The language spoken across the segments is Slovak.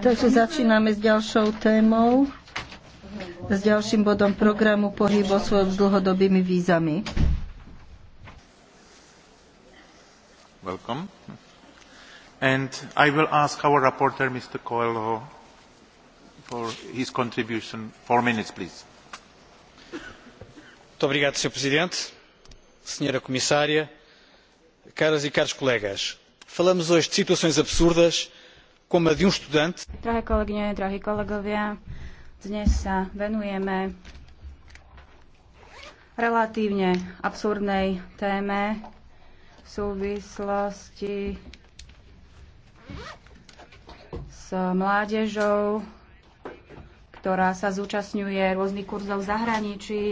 Takže začíname s ďalšou témou, s ďalším bodom programu pohyb osôb s dlhodobými vízami. Welcome. And I will ask our rapporteur, Mr. Coelho, for his contribution. Four minutes, please. Muito obrigado, Sr. Presidente, Sra. Comissária, caras e caros colegas. Falamos hoje de situações absurdas Um Drahé kolegyne, drahí kolegovia, dnes sa venujeme relatívne absurdnej téme v súvislosti s mládežou, ktorá sa zúčastňuje rôznych kurzov v zahraničí,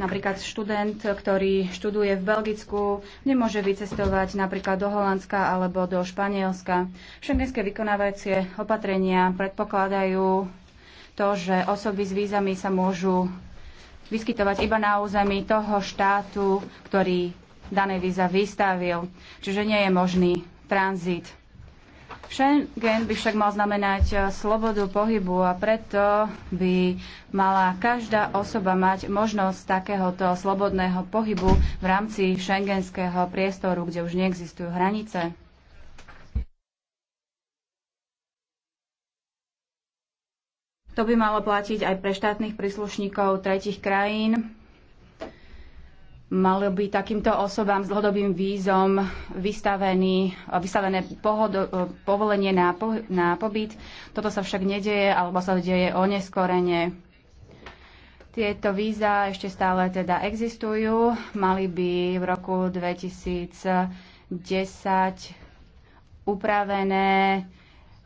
Napríklad študent, ktorý študuje v Belgicku, nemôže vycestovať napríklad do Holandska alebo do Španielska. Šengenské vykonávacie opatrenia predpokladajú to, že osoby s vízami sa môžu vyskytovať iba na území toho štátu, ktorý dané víza vystavil. Čiže nie je možný tranzit. Schengen by však mal znamenať eh, slobodu pohybu a preto by mala každá osoba mať možnosť takéhoto slobodného pohybu v rámci šengenského priestoru, kde už neexistujú hranice. To by malo platiť aj pre štátnych príslušníkov tretich krajín, Mal by takýmto osobám s dlhodobým vízom vystavený, vystavené pohodo, povolenie na, po, na pobyt. Toto sa však nedeje, alebo sa deje oneskorene. Tieto víza ešte stále teda existujú. Mali by v roku 2010 upravené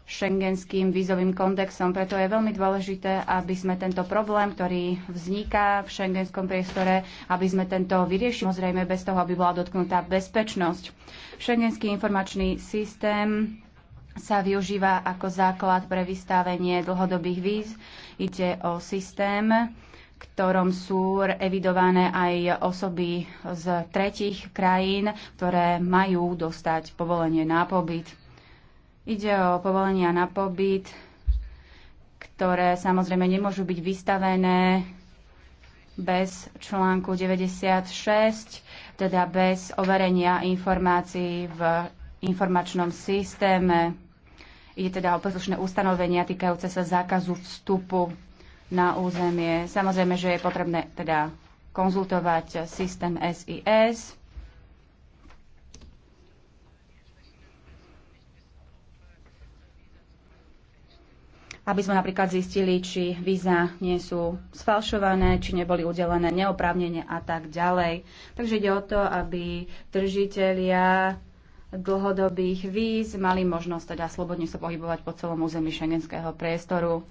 šengenským vízovým kondexom. Preto je veľmi dôležité, aby sme tento problém, ktorý vzniká v šengenskom priestore, aby sme tento vyriešili, zrejme bez toho, aby bola dotknutá bezpečnosť. Šengenský informačný systém sa využíva ako základ pre vystavenie dlhodobých víz. Ide o systém, ktorom sú evidované aj osoby z tretich krajín, ktoré majú dostať povolenie na pobyt. Ide o povolenia na pobyt, ktoré samozrejme nemôžu byť vystavené bez článku 96, teda bez overenia informácií v informačnom systéme. Ide teda o príslušné ustanovenia týkajúce sa zákazu vstupu na územie. Samozrejme, že je potrebné teda konzultovať systém SIS aby sme napríklad zistili, či víza nie sú sfalšované, či neboli udelené neoprávnenie a tak ďalej. Takže ide o to, aby držitelia dlhodobých víz mali možnosť teda slobodne sa pohybovať po celom území šengenského priestoru.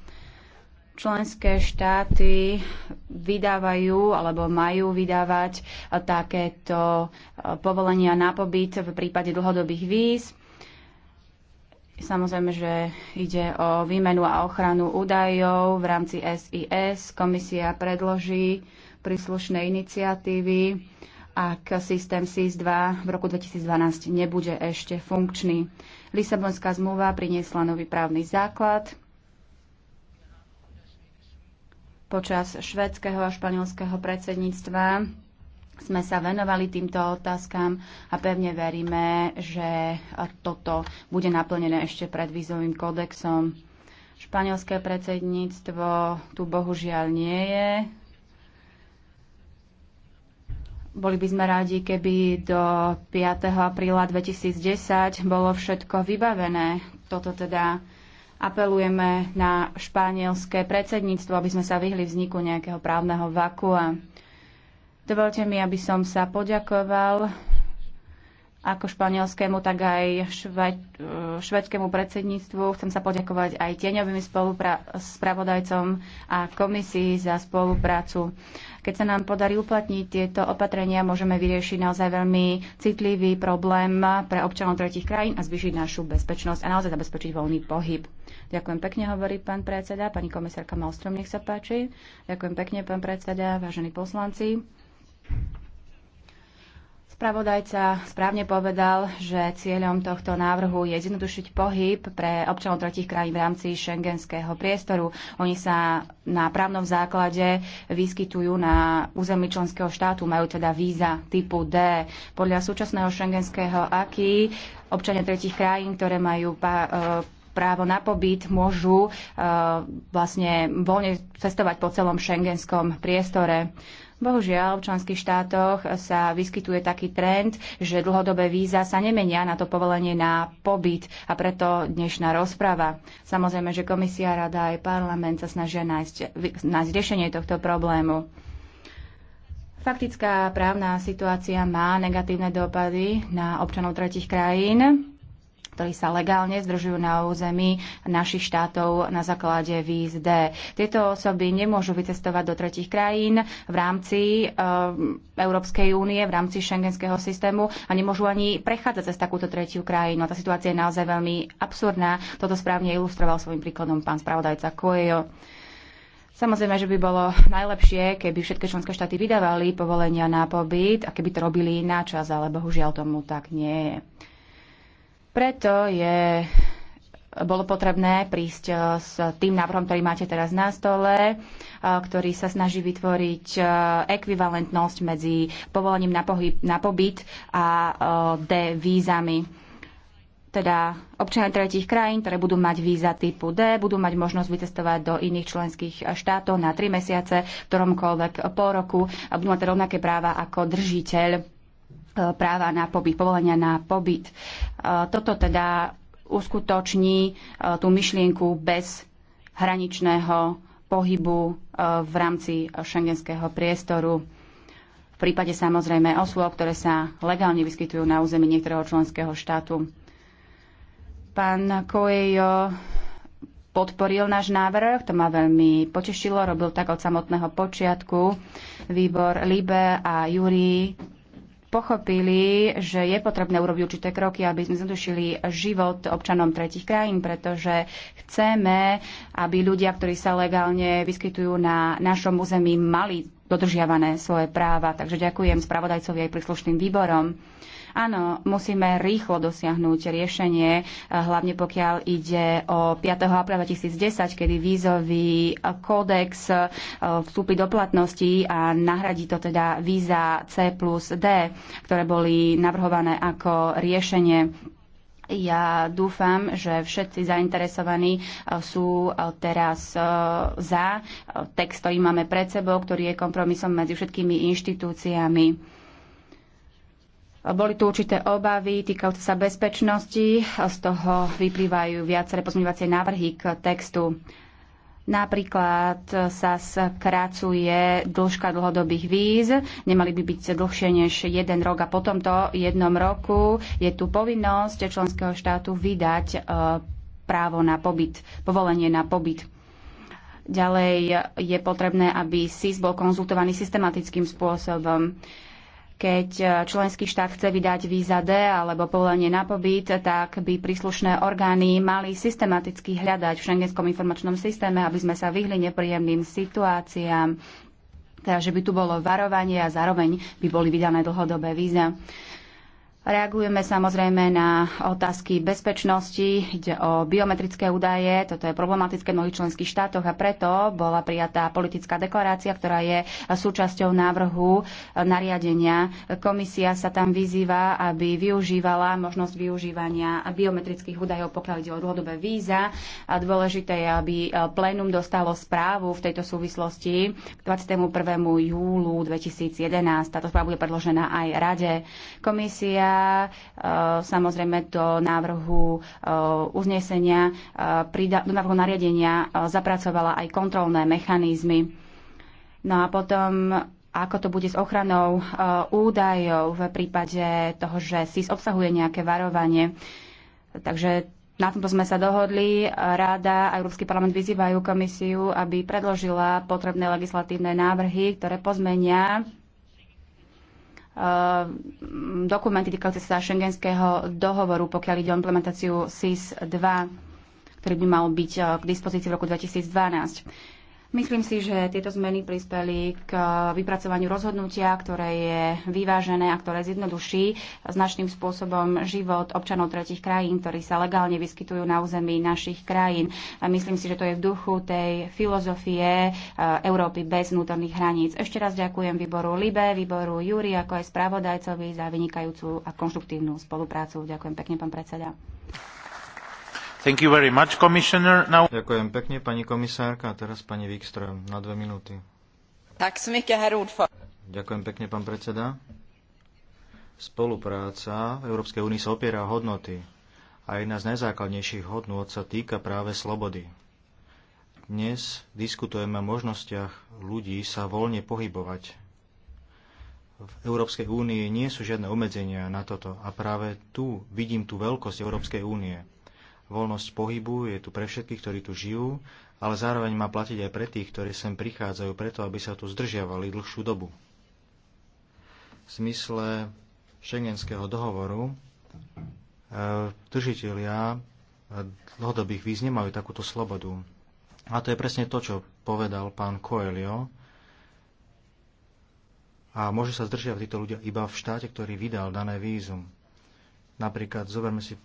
Členské štáty vydávajú alebo majú vydávať takéto eh, povolenia na pobyt v prípade dlhodobých víz Samozrejme, že ide o výmenu a ochranu údajov v rámci SIS. Komisia predloží príslušné iniciatívy, ak systém SIS-2 v roku 2012 nebude ešte funkčný. Lisabonská zmluva priniesla nový právny základ. Počas švedského a španielského predsedníctva sme sa venovali týmto otázkam a pevne veríme, že toto bude naplnené ešte pred vízovým kódexom. Španielské predsedníctvo tu bohužiaľ nie je. Boli by sme radi, keby do 5. apríla 2010 bolo všetko vybavené. Toto teda apelujeme na španielské predsedníctvo, aby sme sa vyhli vzniku nejakého právneho vakua. Dovolte mi, aby som sa poďakoval ako španielskému, tak aj švedskému predsedníctvu. Chcem sa poďakovať aj tieňovým spravodajcom a komisii za spoluprácu. Keď sa nám podarí uplatniť tieto opatrenia, môžeme vyriešiť naozaj veľmi citlivý problém pre občanov tretich krajín a zvýšiť našu bezpečnosť a naozaj zabezpečiť voľný pohyb. Ďakujem pekne, hovorí pán predseda. Pani komisárka Malstrom, nech sa páči. Ďakujem pekne, pán predseda, vážení poslanci. Spravodajca správne povedal, že cieľom tohto návrhu je zjednodušiť pohyb pre občanov tretich krajín v rámci šengenského priestoru. Oni sa na právnom základe vyskytujú na území členského štátu, majú teda víza typu D. Podľa súčasného šengenského aký občania tretich krajín, ktoré majú e, právo na pobyt môžu uh, vlastne voľne cestovať po celom šengenskom priestore. Bohužiaľ, v členských štátoch sa vyskytuje taký trend, že dlhodobé víza sa nemenia na to povolenie na pobyt a preto dnešná rozprava. Samozrejme, že komisia, rada aj parlament sa snažia nájsť, nájsť riešenie tohto problému. Faktická právna situácia má negatívne dopady na občanov tretich krajín ktorí sa legálne zdržujú na území našich štátov na základe víz D. Tieto osoby nemôžu vycestovať do tretich krajín v rámci eh, Európskej únie, v rámci šengenského systému a nemôžu ani prechádzať cez takúto tretiu krajinu. tá situácia je naozaj veľmi absurdná. Toto správne ilustroval svojim príkladom pán spravodajca Coelho. Samozrejme, že by bolo najlepšie, keby všetky členské štáty vydávali povolenia na pobyt a keby to robili na čas, ale bohužiaľ tomu tak nie je. Preto je, bolo potrebné prísť eh, s tým návrhom, ktorý máte teraz na stole, eh, ktorý sa snaží vytvoriť eh, ekvivalentnosť medzi povolením na, pohyb, na pobyt a D vízami teda občania tretich krajín, ktoré budú mať víza typu D, budú mať možnosť vycestovať do iných členských štátov na tri mesiace, v ktoromkoľvek pol roku a budú mať rovnaké práva ako držiteľ E, práva na pobyt, povolenia na pobyt. E, toto teda uskutoční e, tú myšlienku bez hraničného pohybu v rámci šengenského priestoru. V prípade samozrejme osôb, ktoré sa legálne vyskytujú na území niektorého členského štátu. Pán Kojejo podporil náš návrh, to ma veľmi potešilo, robil tak od samotného počiatku. Výbor Libe a Júri pochopili, že je potrebné urobiť určité kroky, aby sme zadušili život občanom tretich krajín, pretože chceme, aby ľudia, ktorí sa legálne vyskytujú na našom území, mali dodržiavané svoje práva. Takže ďakujem spravodajcovi aj príslušným výborom. Áno, musíme rýchlo dosiahnuť riešenie, eh, hlavne pokiaľ ide o 5. apríla 2010, kedy vízový eh, kódex eh, vstúpi do platnosti a nahradí to teda víza C plus D, ktoré boli navrhované ako riešenie ja dúfam, že všetci zainteresovaní sú teraz za text, ktorý máme pred sebou, ktorý je kompromisom medzi všetkými inštitúciami. Boli tu určité obavy týkajúce sa bezpečnosti, z toho vyplývajú viaceré pozmeňovacie návrhy k textu. Napríklad sa skracuje dĺžka dlhodobých víz, nemali by byť dlhšie než jeden rok a po tomto jednom roku je tu povinnosť členského štátu vydať e, právo na pobyt, povolenie na pobyt. Ďalej je potrebné, aby SIS bol konzultovaný systematickým spôsobom keď e, členský štát chce vydať víza D alebo povolenie na pobyt, tak by príslušné orgány mali systematicky hľadať v šengenskom informačnom systéme, aby sme sa vyhli nepríjemným situáciám, teda že by tu bolo varovanie a zároveň by boli vydané dlhodobé víza. Reagujeme samozrejme na otázky bezpečnosti, ide o biometrické údaje, toto je problematické v mnohých členských štátoch a preto bola prijatá politická deklarácia, ktorá je súčasťou návrhu nariadenia. Komisia sa tam vyzýva, aby využívala možnosť využívania biometrických údajov, pokiaľ ide o dlhodobé víza. A dôležité je, aby plénum dostalo správu v tejto súvislosti k 21. júlu 2011. Táto správa bude predložená aj Rade. Komisia E, samozrejme do návrhu e, uznesenia, e, do návrhu nariadenia zapracovala aj kontrolné mechanizmy. No a potom ako to bude s ochranou údajov v prípade toho, že SIS obsahuje nejaké varovanie. Takže na tomto sme sa dohodli. Ráda a Európsky parlament vyzývajú komisiu, aby predložila potrebné legislatívne návrhy, ktoré pozmenia Eh, dokumenty týkajúce sa šengenského dohovoru, pokiaľ ide o implementáciu SIS-2, ktorý by mal byť eh, k dispozícii v roku 2012. Myslím si, že tieto zmeny prispeli k eh, vypracovaniu rozhodnutia, ktoré je vyvážené a ktoré zjednoduší značným spôsobom život občanov tretich krajín, ktorí sa legálne vyskytujú na území našich krajín. A myslím si, že to je v duchu tej filozofie eh, Európy bez vnútorných hraníc. Ešte raz ďakujem výboru Libe, výboru Júri, ako aj spravodajcovi za vynikajúcu a konštruktívnu spoluprácu. Ďakujem pekne, pán predseda. Thank you very much, Commissioner. Now... Ďakujem pekne, pani komisárka. A teraz pani Wikström na dve minúty. Tak smyke, herr Ďakujem pekne, pán predseda. Spolupráca v Európskej únii sa opiera hodnoty a jedna z najzákladnejších hodnot sa týka práve slobody. Dnes diskutujeme o možnostiach ľudí sa voľne pohybovať. V Európskej únii nie sú žiadne obmedzenia na toto a práve tu vidím tú veľkosť Európskej únie voľnosť pohybu je tu pre všetkých, ktorí tu žijú, ale zároveň má platiť aj pre tých, ktorí sem prichádzajú preto, aby sa tu zdržiavali dlhšiu dobu. V zmysle šengenského dohovoru e, držiteľia dlhodobých víz nemajú takúto slobodu. A to je presne to, čo povedal pán Coelho. A môže sa zdržiavať títo ľudia iba v štáte, ktorý vydal dané vízum. Napríklad zoberme si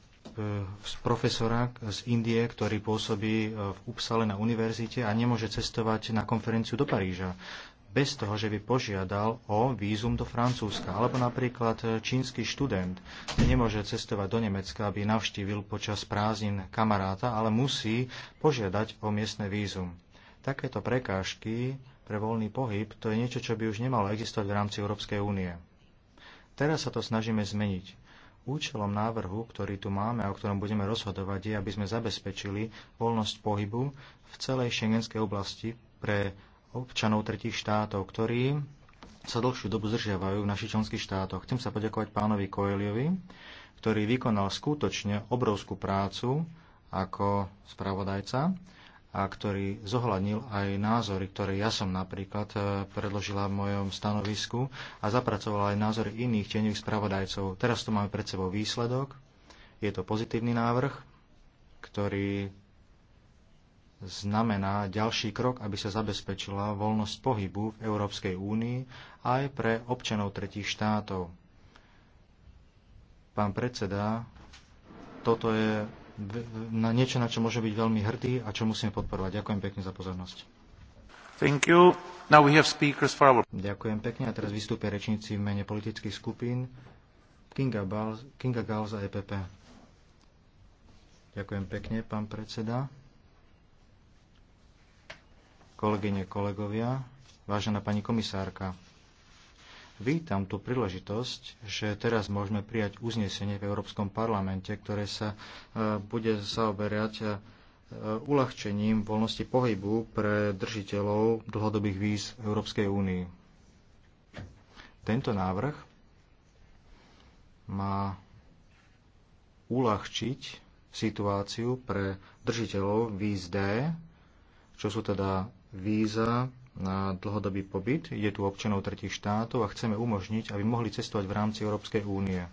z e, profesora z Indie, ktorý pôsobí e, v Upsale na univerzite a nemôže cestovať na konferenciu do Paríža bez toho, že by požiadal o vízum do Francúzska. Alebo napríklad e, čínsky študent nemôže cestovať do Nemecka, aby navštívil počas prázdnin kamaráta, ale musí požiadať o miestne vízum. Takéto prekážky pre voľný pohyb to je niečo, čo by už nemalo existovať v rámci Európskej únie. Teraz sa to snažíme zmeniť. Účelom návrhu, ktorý tu máme a o ktorom budeme rozhodovať, je, aby sme zabezpečili voľnosť pohybu v celej šengenskej oblasti pre občanov tretich štátov, ktorí sa dlhšiu dobu zdržiavajú v našich členských štátoch. Chcem sa poďakovať pánovi Koeliovi, ktorý vykonal skutočne obrovskú prácu ako spravodajca a ktorý zohľadnil aj názory, ktoré ja som napríklad e, predložila v mojom stanovisku a zapracovala aj názory iných tieňových spravodajcov. Teraz tu máme pred sebou výsledok. Je to pozitívny návrh, ktorý znamená ďalší krok, aby sa zabezpečila voľnosť pohybu v Európskej únii aj pre občanov tretích štátov. Pán predseda, toto je na niečo, na čo môže byť veľmi hrdý a čo musíme podporovať. Ďakujem pekne za pozornosť. Thank you. Now we have speakers for our... Ďakujem pekne a teraz vystúpia rečníci v mene politických skupín Kinga, Bals, Kinga Gals a EPP. Ďakujem pekne, pán predseda. Kolegyne, kolegovia, vážená pani komisárka, Vítam tú príležitosť, že teraz môžeme prijať uznesenie v Európskom parlamente, ktoré sa e, bude zaoberať e, uľahčením voľnosti pohybu pre držiteľov dlhodobých víz v Európskej únii. Tento návrh má uľahčiť situáciu pre držiteľov víz D, čo sú teda víza na dlhodobý pobyt. je tu občanov tretich štátov a chceme umožniť, aby mohli cestovať v rámci Európskej únie.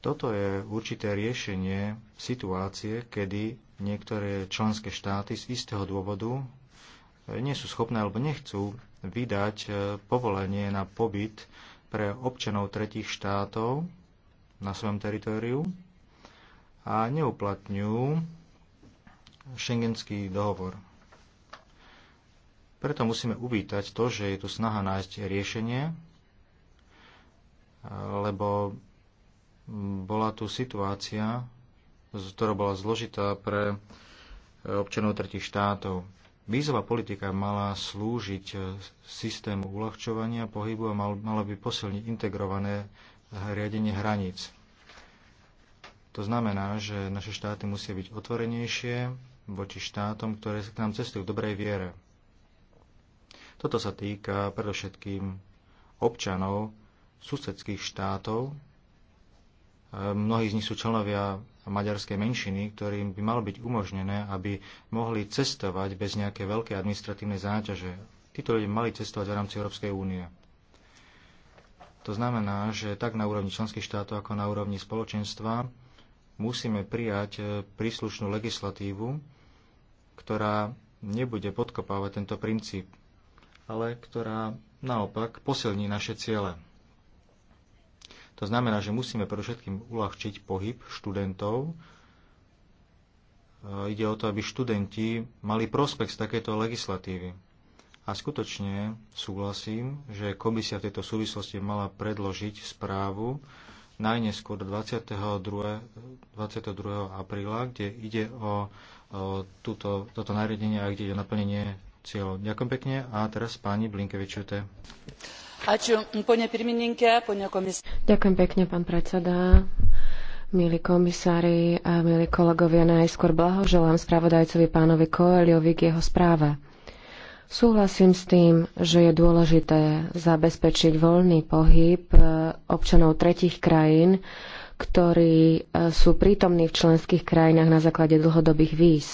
Toto je určité riešenie situácie, kedy niektoré členské štáty z istého dôvodu eh, nie sú schopné alebo nechcú vydať eh, povolenie na pobyt pre občanov tretich štátov na svojom teritoriu a neuplatňujú šengenský dohovor. Preto musíme uvítať to, že je tu snaha nájsť riešenie, lebo bola tu situácia, ktorá bola zložitá pre e, občanov tretich štátov. Vízová politika mala slúžiť e, systému uľahčovania pohybu a mala by posilniť integrované riadenie hraníc. To znamená, že naše štáty musia byť otvorenejšie voči štátom, ktoré k nám cestujú v dobrej viere. Toto sa týka predovšetkým občanov susedských štátov. E, mnohí z nich sú členovia maďarskej menšiny, ktorým by malo byť umožnené, aby mohli cestovať bez nejaké veľkej administratívne záťaže. Títo ľudia mali cestovať v rámci Európskej únie. To znamená, že tak na úrovni členských štátov, ako na úrovni spoločenstva musíme prijať e, príslušnú legislatívu, ktorá nebude podkopávať tento princíp ale ktorá naopak posilní naše ciele. To znamená, že musíme všetkým uľahčiť pohyb študentov. E, ide o to, aby študenti mali prospekt z takéto legislatívy. A skutočne súhlasím, že komisia v tejto súvislosti mala predložiť správu najneskôr 22. 22. apríla, kde ide o, o túto, toto nariadenie a kde o naplnenie cieľov. Ďakujem pekne a teraz pani Blinkevičute. Ďakujem pekne, pán predseda. Milí komisári a milí kolegovia, najskôr blahoželám spravodajcovi pánovi Koeliovi k jeho správe. Súhlasím s tým, že je dôležité zabezpečiť voľný pohyb eh, občanov tretich krajín, ktorí eh, sú prítomní v členských krajinách na základe dlhodobých víz.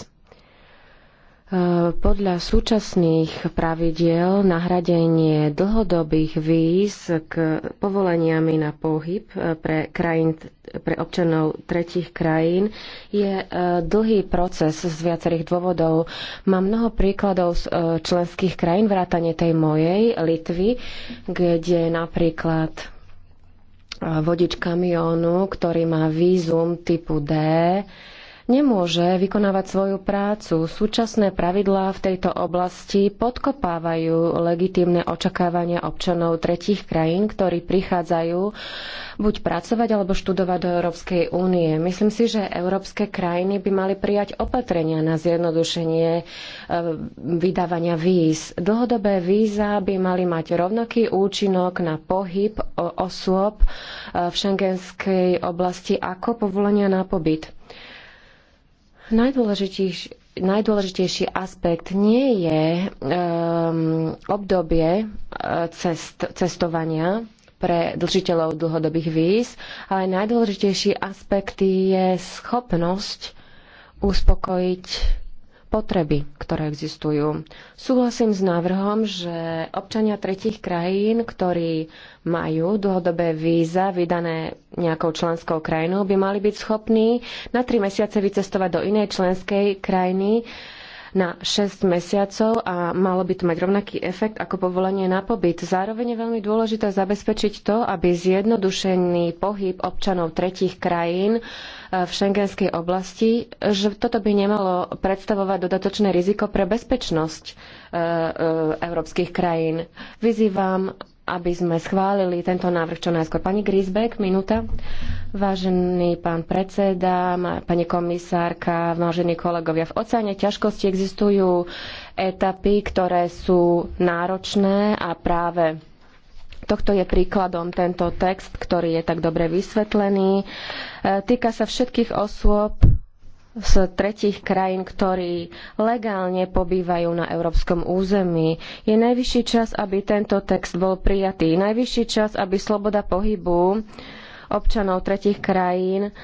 Podľa súčasných pravidiel nahradenie dlhodobých víz k povoleniami na pohyb eh, pre, krajín, pre občanov tretich krajín je eh, dlhý proces z viacerých dôvodov. Mám mnoho príkladov z eh, členských krajín, vrátane tej mojej, Litvy, kde napríklad vodič kamiónu, ktorý má vízum typu D, nemôže vykonávať svoju prácu. Súčasné pravidlá v tejto oblasti podkopávajú legitímne očakávania občanov tretích krajín, ktorí prichádzajú buď pracovať alebo študovať do Európskej únie. Myslím si, že európske krajiny by mali prijať opatrenia na zjednodušenie e, vydávania víz. Dlhodobé víza by mali mať rovnaký účinok na pohyb osôb e, v šengenskej oblasti ako povolenia na pobyt. Najdôležitejší, najdôležitejší aspekt nie je um, obdobie e, cest, cestovania pre držiteľov dlhodobých víz, ale najdôležitejší aspekt je schopnosť uspokojiť potreby, ktoré existujú. Súhlasím s návrhom, že občania tretich krajín, ktorí majú dlhodobé víza vydané nejakou členskou krajinou, by mali byť schopní na tri mesiace vycestovať do inej členskej krajiny, na 6 mesiacov a malo by to mať rovnaký efekt ako povolenie na pobyt. Zároveň je veľmi dôležité zabezpečiť to, aby zjednodušený pohyb občanov tretích krajín eh, v šengenskej oblasti, že toto by nemalo predstavovať dodatočné riziko pre bezpečnosť eh, eh, európskych krajín. Vyzývam aby sme schválili tento návrh čo najskôr. Pani Grisbeck, minúta. Vážený pán predseda, pani komisárka, vážení kolegovia, v oceáne ťažkosti existujú etapy, ktoré sú náročné a práve Tohto je príkladom tento text, ktorý je tak dobre vysvetlený. E, týka sa všetkých osôb, z tretích krajín, ktorí legálne pobývajú na európskom území. Je najvyšší čas, aby tento text bol prijatý. Najvyšší čas, aby sloboda pohybu občanov tretích krajín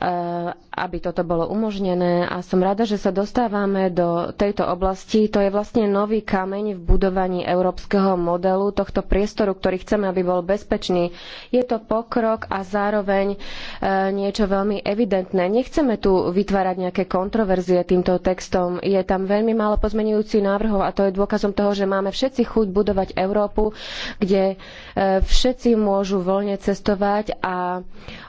Eh, aby toto bolo umožnené a som rada, že sa dostávame do tejto oblasti. To je vlastne nový kameň v budovaní európskeho modelu, tohto priestoru, ktorý chceme, aby bol bezpečný. Je to pokrok a zároveň eh, niečo veľmi evidentné. Nechceme tu vytvárať nejaké kontroverzie týmto textom. Je tam veľmi málo pozmenujúcich návrhov a to je dôkazom toho, že máme všetci chuť budovať Európu, kde eh, všetci môžu voľne cestovať a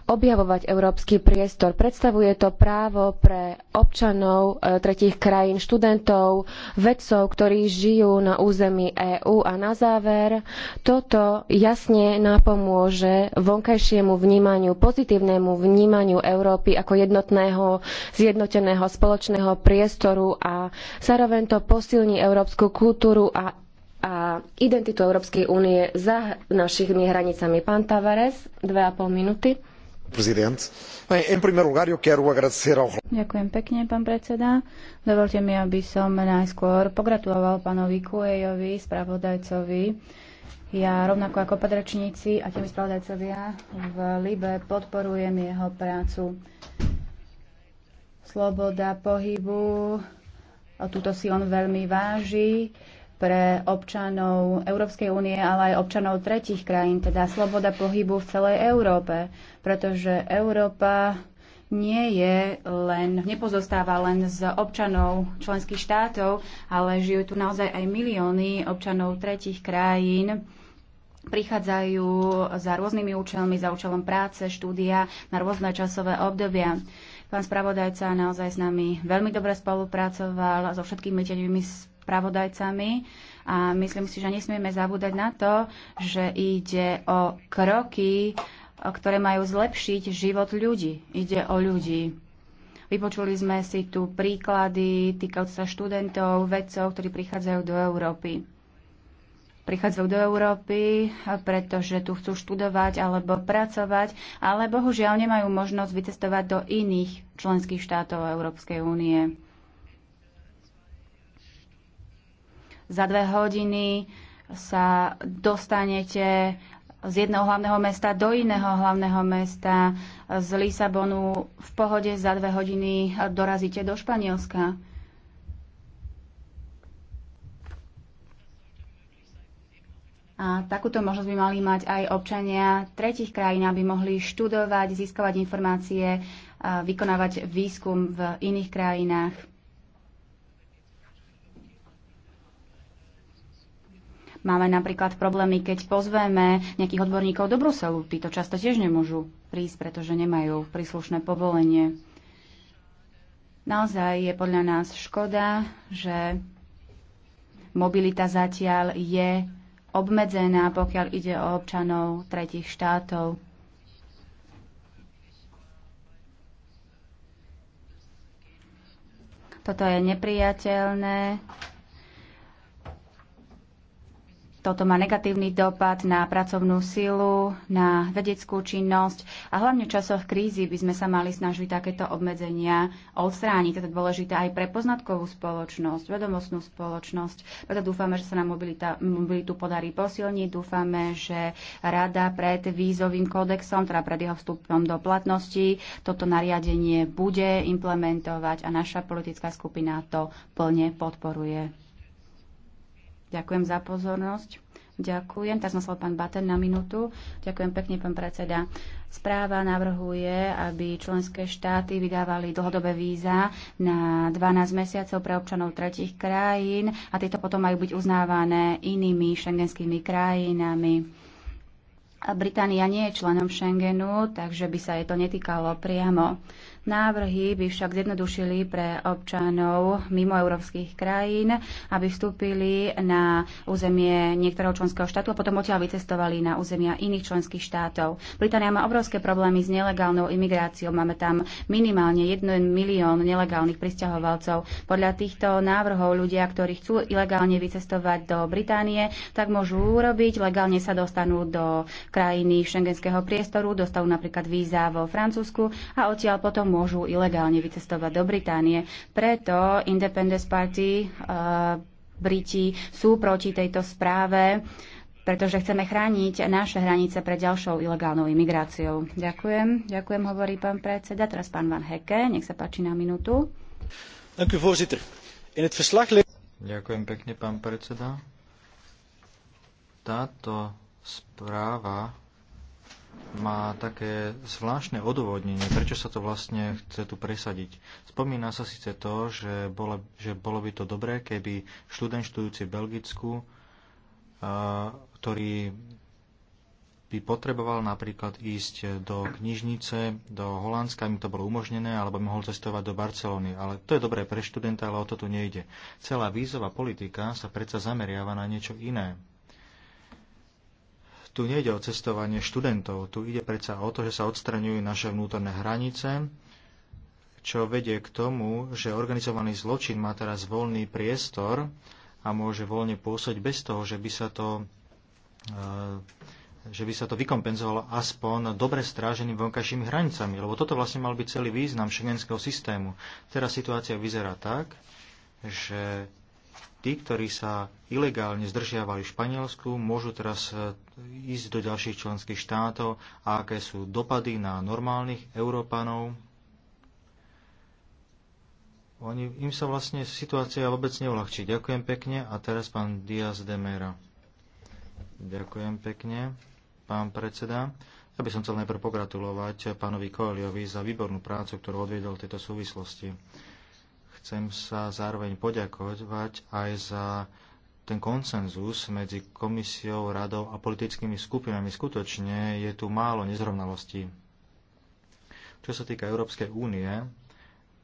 objavovať európsky priestor. Predstavuje to právo pre občanov e, tretích krajín, študentov, vedcov, ktorí žijú na území EÚ a na záver toto jasne napomôže vonkajšiemu vnímaniu, pozitívnemu vnímaniu Európy ako jednotného, zjednoteného spoločného priestoru a zároveň to posilní európsku kultúru a a identitu Európskej únie za našimi hranicami. Pán Tavares, dve a pol minúty. No, Ďakujem pekne, pán predseda. Dovolte mi, aby som najskôr pogratuloval pánovi Kuejovi, spravodajcovi. Ja rovnako ako padračníci a tými spravodajcovia v Libe podporujem jeho prácu. Sloboda pohybu, túto si on veľmi váži pre občanov Európskej únie, ale aj občanov tretich krajín, teda sloboda pohybu v celej Európe, pretože Európa nie je len, nepozostáva len z občanov členských štátov, ale žijú tu naozaj aj milióny občanov tretich krajín, prichádzajú za rôznymi účelmi, za účelom práce, štúdia, na rôzne časové obdobia. Pán spravodajca naozaj s nami veľmi dobre spolupracoval so všetkými tieňovými spravodajcami a myslím si, že nesmieme zabúdať na to, že ide o kroky, ktoré majú zlepšiť život ľudí. Ide o ľudí. Vypočuli sme si tu príklady týkajúce sa študentov, vedcov, ktorí prichádzajú do Európy. Prichádzajú do Európy, eh, pretože tu chcú študovať alebo pracovať, ale bohužiaľ nemajú možnosť vycestovať do iných členských štátov Európskej únie. Za dve hodiny sa dostanete z jedného hlavného mesta do iného hlavného mesta. Z Lisabonu v pohode za dve hodiny dorazíte do Španielska. A takúto možnosť by mali mať aj občania tretich krajín, aby mohli študovať, získavať informácie, vykonávať výskum v iných krajinách. Máme napríklad problémy, keď pozveme nejakých odborníkov do Bruselu. Títo často tiež nemôžu prísť, pretože nemajú príslušné povolenie. Naozaj je podľa nás škoda, že mobilita zatiaľ je obmedzená, pokiaľ ide o občanov tretich štátov. Toto je nepriateľné toto má negatívny dopad na pracovnú silu, na vedeckú činnosť a hlavne v časoch krízy by sme sa mali snažiť takéto obmedzenia odstrániť. Toto je dôležité aj pre poznatkovú spoločnosť, vedomostnú spoločnosť. Preto dúfame, že sa nám mobilita, mobilitu podarí posilniť. Dúfame, že rada pred vízovým kódexom, teda pred jeho vstupom do platnosti, toto nariadenie bude implementovať a naša politická skupina to plne podporuje. Ďakujem za pozornosť. Ďakujem. Teraz má slovo pán Baten na minútu. Ďakujem pekne, pán predseda. Správa navrhuje, aby členské štáty vydávali dlhodobé víza na 12 mesiacov pre občanov tretich krajín a tieto potom majú byť uznávané inými šengenskými krajinami. Británia nie je členom Schengenu, takže by sa jej to netýkalo priamo. Návrhy by však zjednodušili pre občanov mimo európskych krajín, aby vstúpili na územie niektorého členského štátu a potom odtiaľ vycestovali na územia iných členských štátov. Británia má obrovské problémy s nelegálnou imigráciou. Máme tam minimálne 1 milión nelegálnych pristahovalcov. Podľa týchto návrhov ľudia, ktorí chcú ilegálne vycestovať do Británie, tak môžu urobiť. Legálne sa dostanú do krajiny šengenského priestoru, dostanú napríklad víza vo Francúzsku a odtiaľ potom môžu ilegálne vycestovať do Británie. Preto Independence Party uh, Briti sú proti tejto správe, pretože chceme chrániť naše hranice pred ďalšou ilegálnou imigráciou. Ďakujem. Ďakujem, hovorí pán predseda. Teraz pán Van Heke, nech sa páči na minútu. Ďakujem pekne, pán predseda. Táto správa má také zvláštne odôvodnenie, prečo sa to vlastne chce tu presadiť. Spomína sa síce to, že bolo, že bolo by to dobré, keby študent študujúci v Belgicku, ktorý by potreboval napríklad ísť do knižnice, do Holandska, im to bolo umožnené, alebo mohol cestovať do Barcelony. Ale to je dobré pre študenta, ale o to tu nejde. Celá vízová politika sa predsa zameriava na niečo iné. Tu nejde o cestovanie študentov, tu ide predsa o to, že sa odstraňujú naše vnútorné hranice, čo vedie k tomu, že organizovaný zločin má teraz voľný priestor a môže voľne pôsobiť bez toho, že by sa to e, že by sa to vykompenzovalo aspoň dobre stráženým vonkajšími hranicami, lebo toto vlastne mal byť celý význam šengenského systému. Teraz situácia vyzerá tak, že tí, ktorí sa ilegálne zdržiavali v Španielsku, môžu teraz e, ísť do ďalších členských štátov a aké sú dopady na normálnych Európanov. Oni, im sa vlastne situácia vôbec neulahčí. Ďakujem pekne a teraz pán Diaz de Mera. Ďakujem pekne, pán predseda. Ja by som chcel najprv pogratulovať pánovi Koeliovi za výbornú prácu, ktorú odviedol v tejto súvislosti. Chcem sa zároveň poďakovať aj za ten konsenzus medzi komisiou, radou a politickými skupinami. Skutočne je tu málo nezrovnalostí. Čo sa týka Európskej únie,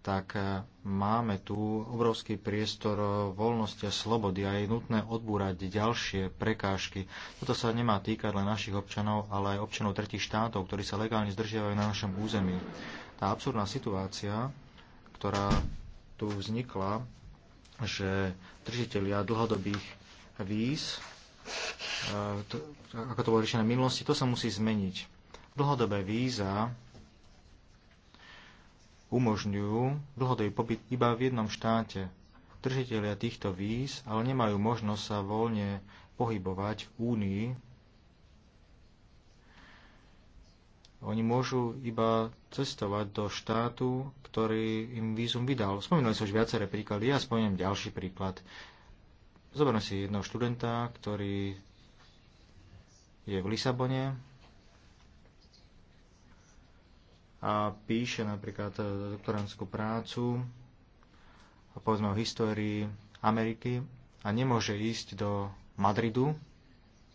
tak e, máme tu obrovský priestor voľnosti a slobody a je nutné odbúrať ďalšie prekážky. Toto sa nemá týkať len našich občanov, ale aj občanov tretich štátov, ktorí sa legálne zdržiavajú na našom území. Tá absurdná situácia, ktorá tu vznikla, že držiteľia dlhodobých víz, e, ako to bolo riešené v minulosti, to sa musí zmeniť. Dlhodobé víza umožňujú dlhodobý pobyt iba v jednom štáte. Držiteľia týchto víz ale nemajú možnosť sa voľne pohybovať v Únii Oni môžu iba cestovať do štátu, ktorý im vízum vydal. Spomínali sa už viaceré príklady, ja spomínam ďalší príklad. Zoberme si jedného študenta, ktorý je v Lisabone a píše napríklad eh, doktorantskú prácu a povedzme o histórii Ameriky a nemôže ísť do Madridu.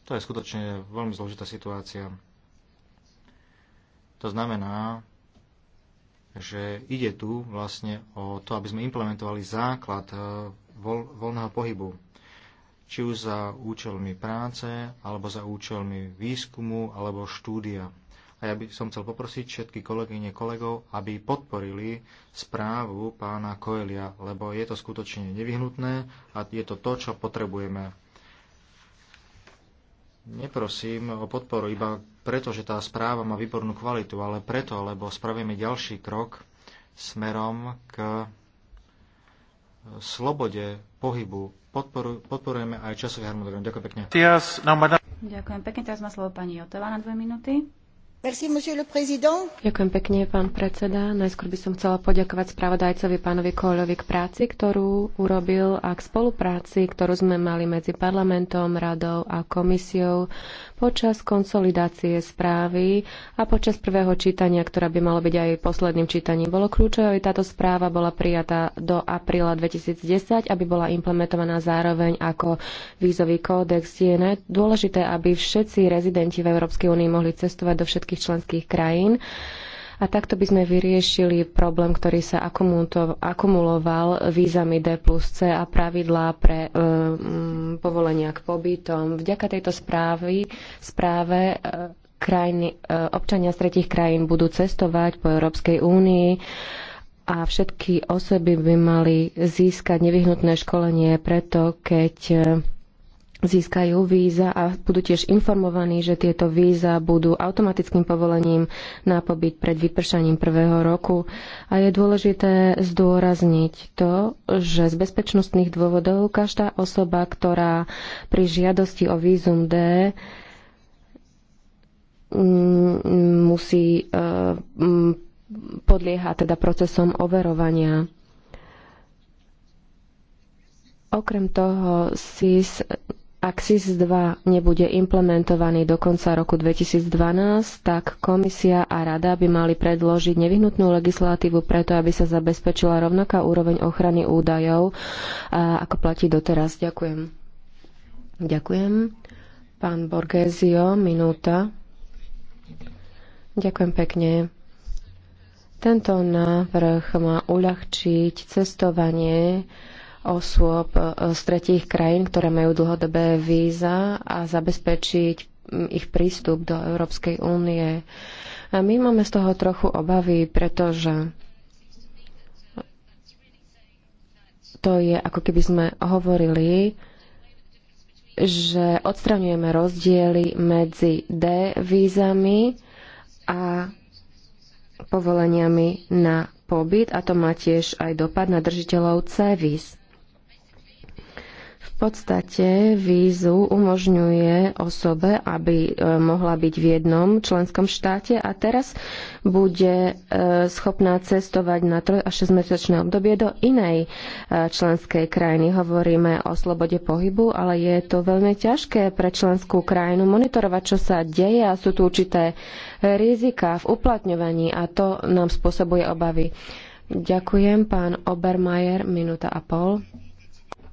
To je skutočne veľmi zložitá situácia. To znamená, že ide tu vlastne o to, aby sme implementovali základ eh, voľ, voľného pohybu. Či už za účelmi práce, alebo za účelmi výskumu, alebo štúdia. A ja by som chcel poprosiť všetky kolegyne kolegov, aby podporili správu pána Koelia, lebo je to skutočne nevyhnutné a je to to, čo potrebujeme neprosím o podporu iba preto, že tá správa má výbornú kvalitu, ale preto, lebo spravíme ďalší krok smerom k slobode pohybu. Podporu, podporujeme aj časový harmonogram. Ďakujem pekne. No, Ďakujem pekne. Teraz má slovo pani Jotová na dve minúty. Ďakujem pekne, pán predseda. Najskôr by som chcela poďakovať spravodajcovi pánovi Koľovi k práci, ktorú urobil a k spolupráci, ktorú sme mali medzi parlamentom, radou a komisiou počas konsolidácie správy a počas prvého čítania, ktorá by malo byť aj posledným čítaním. Bolo kľúčové, aby táto správa bola prijatá do apríla 2010, aby bola implementovaná zároveň ako vízový kódex. Je dôležité, aby všetci rezidenti v Európskej únii mohli cestovať do všetkých všetkých členských krajín. A takto by sme vyriešili problém, ktorý sa akumuloval vízami D plus C a pravidlá pre um, povolenia k pobytom. Vďaka tejto správy, správe e, krajiny, e, občania z tretich krajín budú cestovať po Európskej únii a všetky osoby by mali získať nevyhnutné školenie preto, keď získajú víza a budú tiež informovaní, že tieto víza budú automatickým povolením na pobyt pred vypršaním prvého roku. A je dôležité zdôrazniť to, že z bezpečnostných dôvodov každá osoba, ktorá pri žiadosti o vízum D mm, musí e, mm, podlieha teda procesom overovania Okrem toho SIS ak SIS 2 nebude implementovaný do konca roku 2012, tak komisia a rada by mali predložiť nevyhnutnú legislatívu preto, aby sa zabezpečila rovnaká úroveň ochrany údajov, ako platí doteraz. Ďakujem. Ďakujem. Pán Borgesio, minúta. Ďakujem pekne. Tento návrh má uľahčiť cestovanie osôb e, z tretích krajín, ktoré majú dlhodobé víza a zabezpečiť ich prístup do Európskej únie. A my máme z toho trochu obavy, pretože to je ako keby sme hovorili, že odstraňujeme rozdiely medzi D vízami a povoleniami na pobyt a to má tiež aj dopad na držiteľov C víz podstate vízu umožňuje osobe, aby e, mohla byť v jednom členskom štáte a teraz bude e, schopná cestovať na 3 až 6 mesačné obdobie do inej e, členskej krajiny. Hovoríme o slobode pohybu, ale je to veľmi ťažké pre členskú krajinu monitorovať, čo sa deje a sú tu určité rizika v uplatňovaní a to nám spôsobuje obavy. Ďakujem, pán Obermajer, minúta a pol.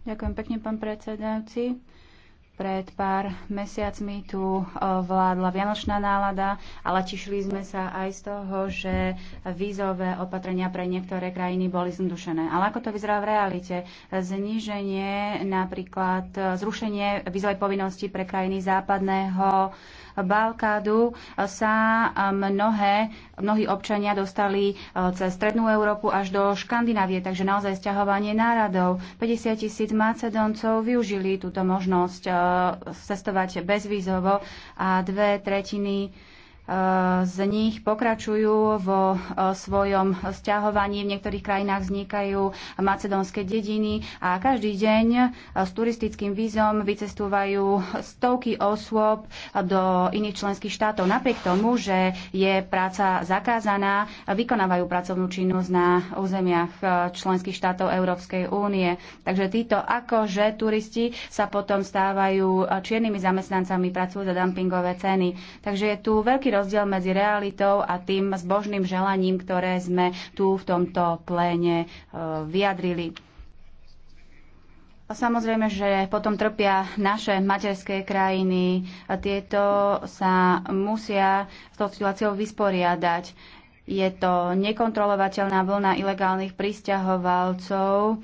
Ďakujem pekne, pán predsedajúci. Pred pár mesiacmi tu e, vládla vianočná nálada, ale tišili sme sa aj z toho, že vízové opatrenia pre niektoré krajiny boli zdušené. Ale ako to vyzerá v realite? Zníženie, napríklad e, zrušenie vízovej povinnosti pre krajiny západného Balkádu sa mnohé, mnohí občania dostali cez Strednú Európu až do Škandinávie, takže naozaj sťahovanie náradov. 50 tisíc Macedoncov využili túto možnosť cestovať bezvízovo a dve tretiny z nich pokračujú vo e, svojom sťahovaní. V niektorých krajinách vznikajú macedónske dediny a každý deň e, s turistickým vízom vycestúvajú stovky osôb do iných členských štátov. Napriek tomu, že je práca zakázaná, vykonávajú pracovnú činnosť na územiach e, členských štátov Európskej únie. Takže títo akože turisti sa potom stávajú čiernymi zamestnancami, pracujú za dumpingové ceny. Takže je tu veľký rozdiel medzi realitou a tým zbožným želaním, ktoré sme tu v tomto pléne e, vyjadrili. Samozrejme, že potom trpia naše materské krajiny. Tieto sa musia s tou situáciou vysporiadať. Je to nekontrolovateľná vlna ilegálnych pristahovalcov.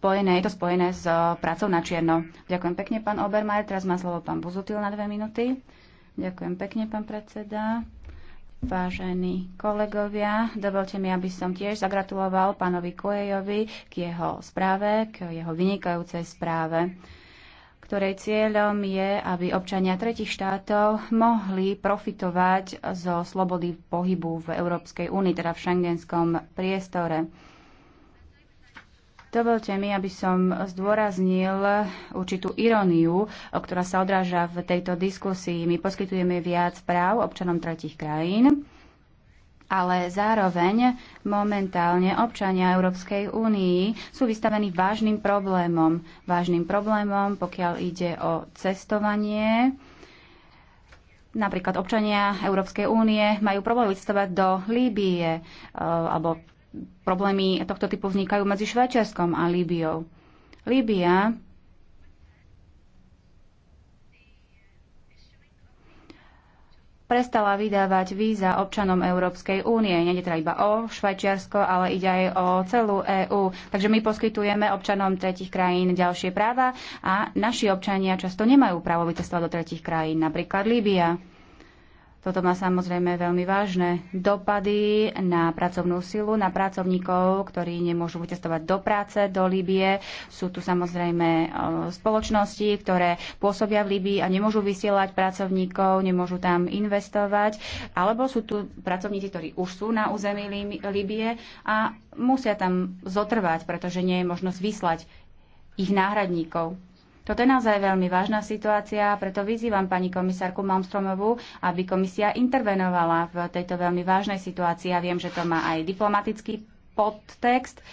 Spojené, je to spojené s e, prácou na čierno. Ďakujem pekne, pán Obermajer. Teraz má slovo pán Buzutil na dve minúty. Ďakujem pekne, pán predseda. Vážení kolegovia, dovolte mi, aby som tiež zagratuloval pánovi Kuejovi k jeho správe, k jeho vynikajúcej správe ktorej cieľom je, aby občania tretich štátov mohli profitovať zo slobody pohybu v Európskej únii, teda v šengenskom priestore. Dovolte mi, aby som zdôraznil určitú iróniu, ktorá sa odráža v tejto diskusii. My poskytujeme viac práv občanom tretich krajín, ale zároveň momentálne občania Európskej únii sú vystavení vážnym problémom. Vážnym problémom, pokiaľ ide o cestovanie, Napríklad občania Európskej únie majú problém listovať do Líbie eh, alebo problémy tohto typu vznikajú medzi Švajčiarskom a Líbiou. Líbia prestala vydávať víza občanom Európskej únie. Nede teda iba o Švajčiarsko, ale ide aj o celú EÚ. Takže my poskytujeme občanom tretich krajín ďalšie práva a naši občania často nemajú právo vycestovať do tretich krajín, napríklad Líbia. Toto má samozrejme veľmi vážne dopady na pracovnú silu, na pracovníkov, ktorí nemôžu vycestovať do práce, do Líbie. Sú tu samozrejme e, spoločnosti, ktoré pôsobia v Líbii a nemôžu vysielať pracovníkov, nemôžu tam investovať. Alebo sú tu pracovníci, ktorí už sú na území Líbie a musia tam zotrvať, pretože nie je možnosť vyslať ich náhradníkov. Toto je naozaj veľmi vážna situácia, preto vyzývam pani komisárku Malmstromovú, aby komisia intervenovala v tejto veľmi vážnej situácii. Ja viem, že to má aj diplomatický podtext.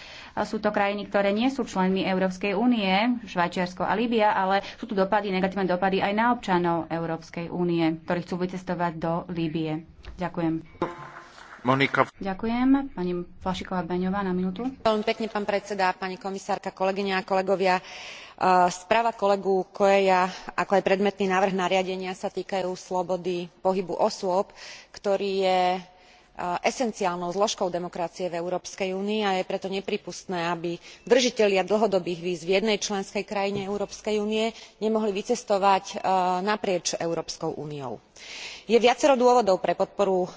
Sú to krajiny, ktoré nie sú členmi Európskej únie, Švajčiarsko a Líbia, ale sú tu dopady, negatívne dopady aj na občanov Európskej únie, ktorí chcú vycestovať do Líbie. Ďakujem. Monika. Ďakujem. Pani Flašiková Beňová na minútu. Veľmi pekne, pán predseda, pani komisárka, kolegyňa a kolegovia správa kolegu coelha ako aj predmetný návrh nariadenia sa týkajú slobody pohybu osôb ktorý je Eh, esenciálnou zložkou demokracie v európskej únii a je preto neprípustné aby držitelia dlhodobých víz v jednej členskej krajine európskej únie nemohli vycestovať eh, naprieč európskou úniou. je viacero dôvodov pre podporu eh,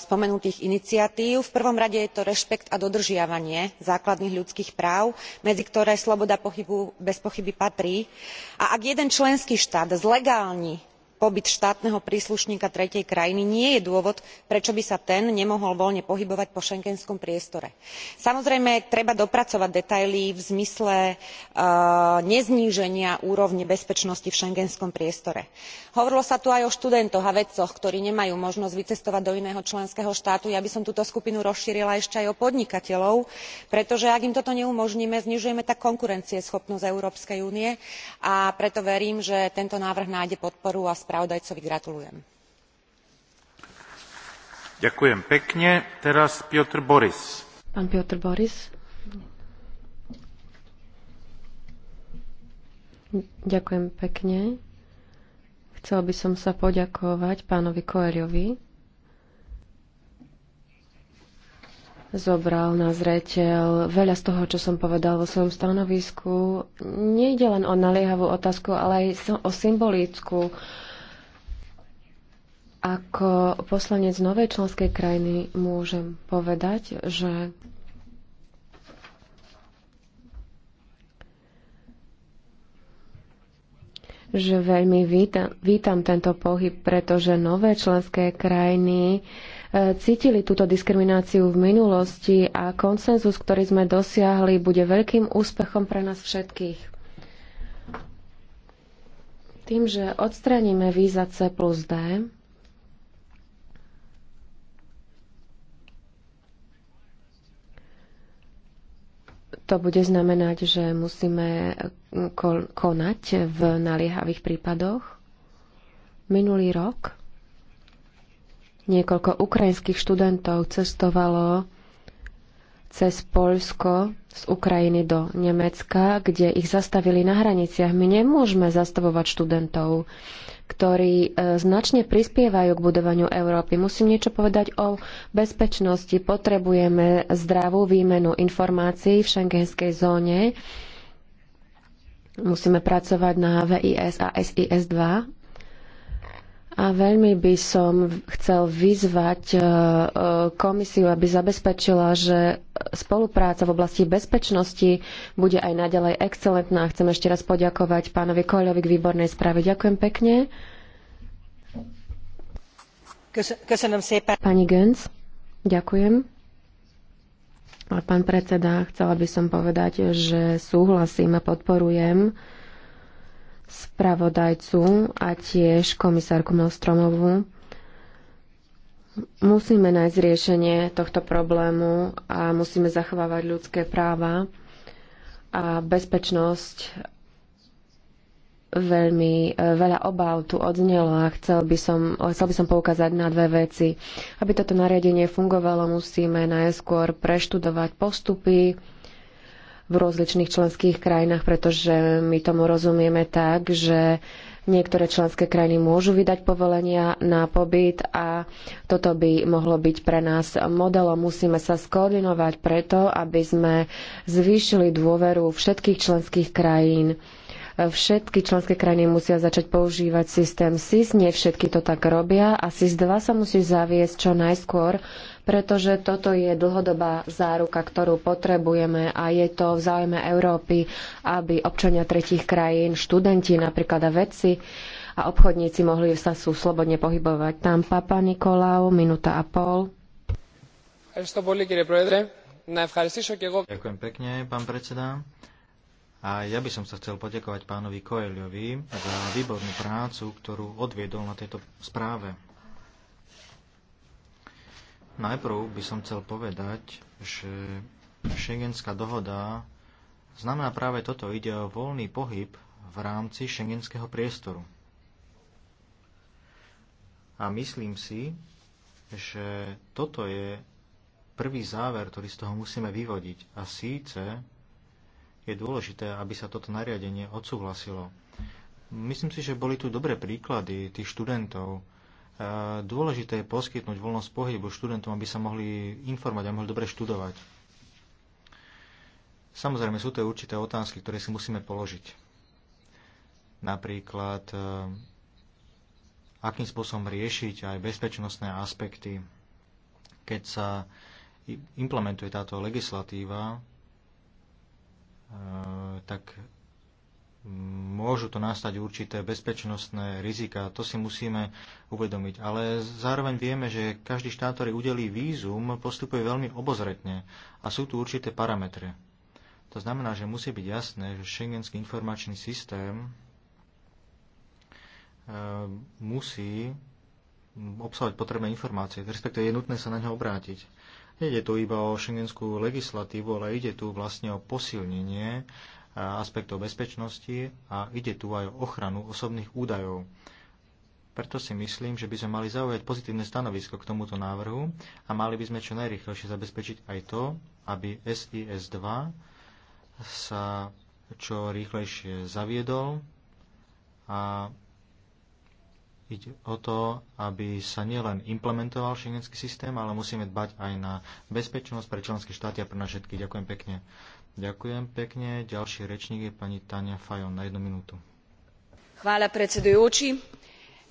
spomenutých iniciatív v prvom rade je to rešpekt a dodržiavanie základných ľudských práv medzi ktoré sloboda pohybu bezpochyby patrí a ak jeden členský štát zlegálni pobyt štátneho príslušníka tretej krajiny nie je dôvod prečo by sa ten nemohol voľne pohybovať po schengenskom priestore. samozrejme treba dopracovať detaily v zmysle e, nezníženia úrovne bezpečnosti v schengenskom priestore. hovorilo sa tu aj o študentoch a vedcoch ktorí nemajú možnosť vycestovať do iného členského štátu. ja by som túto skupinu rozšírila ešte aj o podnikateľov pretože ak im toto neumožníme znižujeme tak konkurencieschopnosť európskej únie a preto verím že tento návrh nájde podporu a spravodajcovi gratulujem. ďakujem pekne. Chcel by som sa poďakovať pánovi Koeliovi. Zobral na zreteľ veľa z toho, čo som povedal vo svojom stanovisku. Nejde len o naliehavú otázku, ale aj o symbolickú ako poslanec novej členskej krajiny môžem povedať, že že veľmi vítam, vítam tento pohyb, pretože nové členské krajiny e, cítili túto diskrimináciu v minulosti a konsenzus, ktorý sme dosiahli, bude veľkým úspechom pre nás všetkých. Tým, že odstraníme víza C plus D, To bude znamenať, že musíme konať v naliehavých prípadoch. Minulý rok niekoľko ukrajinských študentov cestovalo cez Polsko z Ukrajiny do Nemecka, kde ich zastavili na hraniciach. My nemôžeme zastavovať študentov ktorí e, značne prispievajú k budovaniu Európy. Musím niečo povedať o bezpečnosti. Potrebujeme zdravú výmenu informácií v šengenskej zóne. Musíme pracovať na VIS a SIS-2. A veľmi by som chcel vyzvať e, e, komisiu, aby zabezpečila, že spolupráca v oblasti bezpečnosti bude aj naďalej excelentná. Chcem ešte raz poďakovať pánovi Koľovi k výbornej správe. Ďakujem pekne. Pani Gens, ďakujem. Pán predseda, chcela by som povedať, že súhlasím a podporujem spravodajcu a tiež komisárku Melstromovú. Musíme nájsť riešenie tohto problému a musíme zachovávať ľudské práva a bezpečnosť veľmi e, veľa obáv tu odznelo a chcel by, som, e, chcel by som poukázať na dve veci. Aby toto nariadenie fungovalo, musíme najskôr preštudovať postupy, v rozličných členských krajinách, pretože my tomu rozumieme tak, že niektoré členské krajiny môžu vydať povolenia na pobyt a toto by mohlo byť pre nás modelom. Musíme sa skoordinovať preto, aby sme zvýšili dôveru všetkých členských krajín Všetky členské krajiny musia začať používať systém SIS, nie všetky to tak robia a SIS-2 sa musí zaviesť čo najskôr, pretože toto je dlhodobá záruka, ktorú potrebujeme a je to v záujme Európy, aby občania tretich krajín, študenti napríklad a vedci a obchodníci mohli sa sú slobodne pohybovať. Tam Papa Nikolau, minúta a pol. Ďakujem pekne, pán predseda. A ja by som sa chcel poďakovať pánovi Koeliovi za výbornú prácu, ktorú odviedol na tejto správe. Najprv by som chcel povedať, že šengenská dohoda znamená práve toto. Ide o voľný pohyb v rámci šengenského priestoru. A myslím si, že toto je prvý záver, ktorý z toho musíme vyvodiť. A síce, je dôležité, aby sa toto nariadenie odsúhlasilo. Myslím si, že boli tu dobré príklady tých študentov. E, dôležité je poskytnúť voľnosť pohybu študentom, aby sa mohli informovať a mohli dobre študovať. Samozrejme, sú to určité otázky, ktoré si musíme položiť. Napríklad, e, akým spôsobom riešiť aj bezpečnostné aspekty, keď sa implementuje táto legislatíva, Eh, tak môžu to nastať určité bezpečnostné rizika. To si musíme uvedomiť. Ale zároveň vieme, že každý štát, ktorý udelí vízum, postupuje veľmi obozretne a sú tu určité parametre. To znamená, že musí byť jasné, že šengenský informačný systém eh, musí obsahovať potrebné informácie, respektíve je nutné sa na ňo obrátiť. Nejde tu iba o šengenskú legislatívu, ale ide tu vlastne o posilnenie eh, aspektov bezpečnosti a ide tu aj o ochranu osobných údajov. Preto si myslím, že by sme mali zaujať pozitívne stanovisko k tomuto návrhu a mali by sme čo najrychlejšie zabezpečiť aj to, aby SIS-2 sa čo rýchlejšie zaviedol a Ide o to, aby sa nielen implementoval šengenský systém, ale musíme dbať aj na bezpečnosť pre členské štáty a pre nás všetky. Ďakujem pekne. Ďakujem pekne. Ďalší rečník je pani Tania Fajon na jednu minútu. Chvála predsedujúči.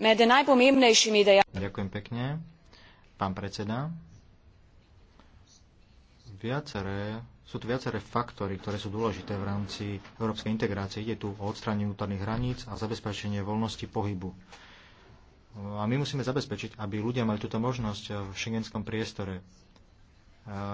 Medzi najpomembnejšími idejami... Ďakujem pekne. Pán predseda. Viaceré, sú tu viaceré faktory, ktoré sú dôležité v rámci európskej integrácie. Ide tu o odstránenie vnútorných hraníc a zabezpečenie voľnosti pohybu a my musíme zabezpečiť, aby ľudia mali túto možnosť v šengenskom priestore.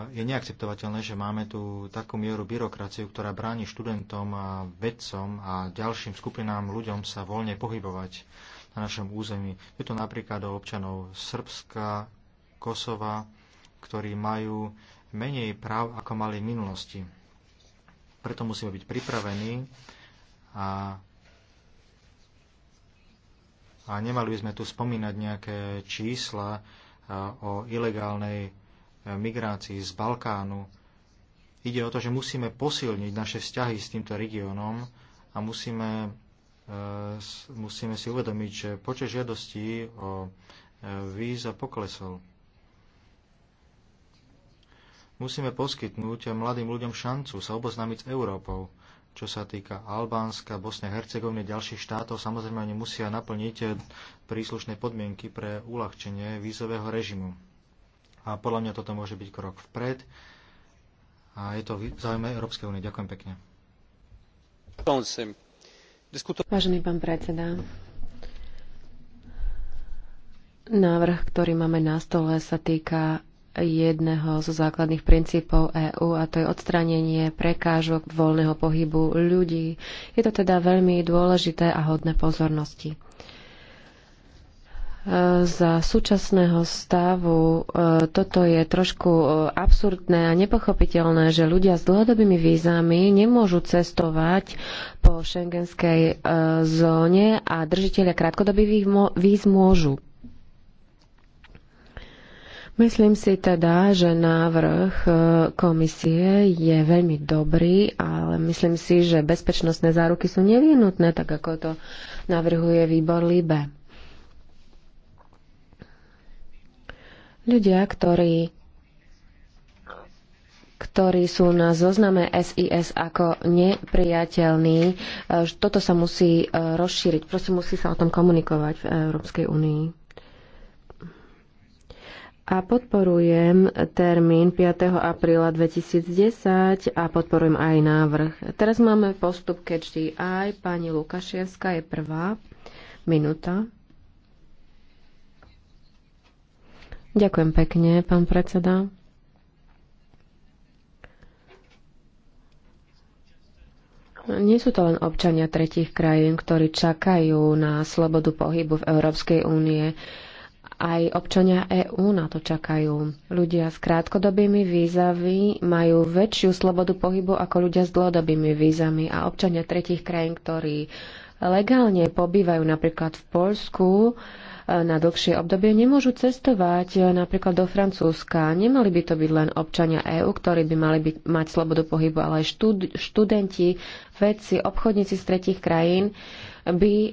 Je neakceptovateľné, že máme tu takú mieru byrokraciu, ktorá bráni študentom a vedcom a ďalším skupinám ľuďom sa voľne pohybovať na našom území. Je to napríklad o občanov Srbska, Kosova, ktorí majú menej práv, ako mali v minulosti. Preto musíme byť pripravení a a nemali by sme tu spomínať nejaké čísla o ilegálnej e, migrácii z Balkánu. Ide o to, že musíme posilniť naše vzťahy s týmto regiónom a musíme, e, musíme si uvedomiť, že počet žiadostí o e, víza poklesol. Musíme poskytnúť mladým ľuďom šancu sa oboznámiť s Európou čo sa týka Albánska, Bosne a Hercegoviny, ďalších štátov, samozrejme oni musia naplniť eh, príslušné podmienky pre uľahčenie vízového režimu. A podľa mňa toto môže byť krok vpred a je to v záujme Európskej únie. Ďakujem pekne. Vážený pán predseda, návrh, ktorý máme na stole, sa týka jedného zo základných princípov EÚ a to je odstránenie prekážok voľného pohybu ľudí. Je to teda veľmi dôležité a hodné pozornosti. E, za súčasného stavu e, toto je trošku e, absurdné a nepochopiteľné, že ľudia s dlhodobými vízami nemôžu cestovať po šengenskej zóne a držiteľia krátkodobých víz môžu. Myslím si teda, že návrh e, komisie je veľmi dobrý, ale myslím si, že bezpečnostné záruky sú nevyhnutné, tak ako to navrhuje výbor LIBE. Ľudia, ktorí ktorí sú na zozname SIS ako nepriateľní. E, toto sa musí e, rozšíriť, proste musí sa o tom komunikovať v Európskej únii a podporujem termín 5. apríla 2010 a podporujem aj návrh. Teraz máme postup catch aj. Pani Lukaševská je prvá minúta. Ďakujem pekne, pán predseda. Nie sú to len občania tretich krajín, ktorí čakajú na slobodu pohybu v Európskej únie. Aj občania EÚ na to čakajú. Ľudia s krátkodobými vízami majú väčšiu slobodu pohybu ako ľudia s dlhodobými vízami a občania tretich krajín, ktorí legálne pobývajú napríklad v Polsku e, na dlhšie obdobie, nemôžu cestovať e, napríklad do Francúzska. Nemali by to byť len občania EÚ, ktorí by mali byť, mať slobodu pohybu, ale aj štud, študenti, vedci, obchodníci z tretich krajín, by e,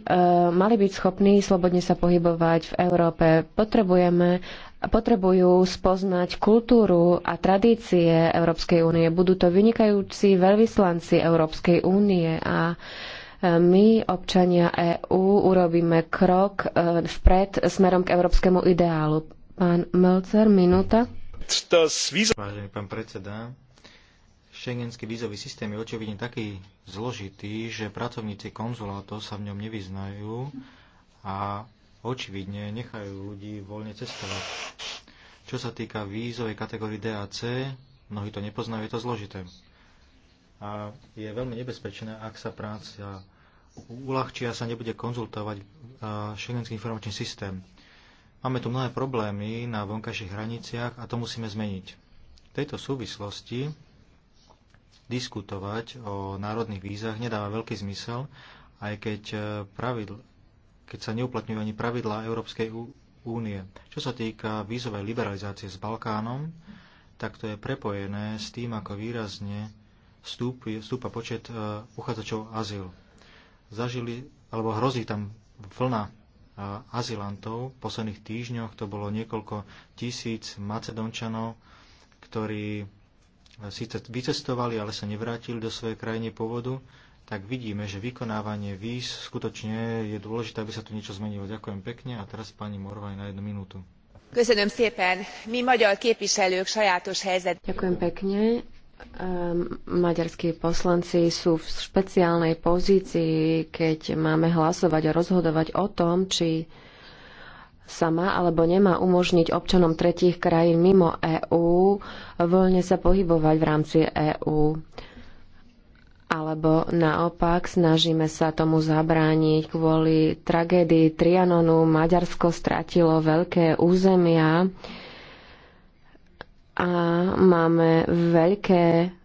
mali byť schopní slobodne sa pohybovať v Európe. Potrebujeme potrebujú spoznať kultúru a tradície Európskej únie. Budú to vynikajúci veľvyslanci Európskej únie a e, my, občania EÚ, urobíme krok e, vpred smerom k európskemu ideálu. Pán Melcer, minúta. Vážený pán predseda, Schengenský vízový systém je očividne taký zložitý, že pracovníci konzulátov sa v ňom nevyznajú a očividne nechajú ľudí voľne cestovať. Čo sa týka vízovej kategórie DAC, mnohí to nepoznajú, je to zložité. A je veľmi nebezpečné, ak sa práca uľahčí a sa nebude konzultovať šengenský informačný systém. Máme tu mnohé problémy na vonkajších hraniciach a to musíme zmeniť. V tejto súvislosti diskutovať o národných vízach nedáva veľký zmysel, aj keď, eh, pravidl, keď sa neuplatňujú ani pravidlá Európskej únie. Čo sa týka vízovej liberalizácie s Balkánom, tak to je prepojené s tým, ako výrazne vstúpi, vstúpa počet eh, uchádzačov azyl. Zažili, alebo hrozí tam vlna eh, azylantov. V posledných týždňoch to bolo niekoľko tisíc Macedončanov, ktorí síce vycestovali, ale sa nevrátili do svojej krajiny pôvodu, tak vidíme, že vykonávanie víz skutočne je dôležité, aby sa tu niečo zmenilo. Ďakujem pekne a teraz pani Morvaj na jednu minútu. Ďakujem pekne. Ehm, maďarskí poslanci sú v špeciálnej pozícii, keď máme hlasovať a rozhodovať o tom, či sa má alebo nemá umožniť občanom tretích krajín mimo EÚ voľne sa pohybovať v rámci EÚ. Alebo naopak snažíme sa tomu zabrániť kvôli tragédii Trianonu. Maďarsko stratilo veľké územia a máme veľké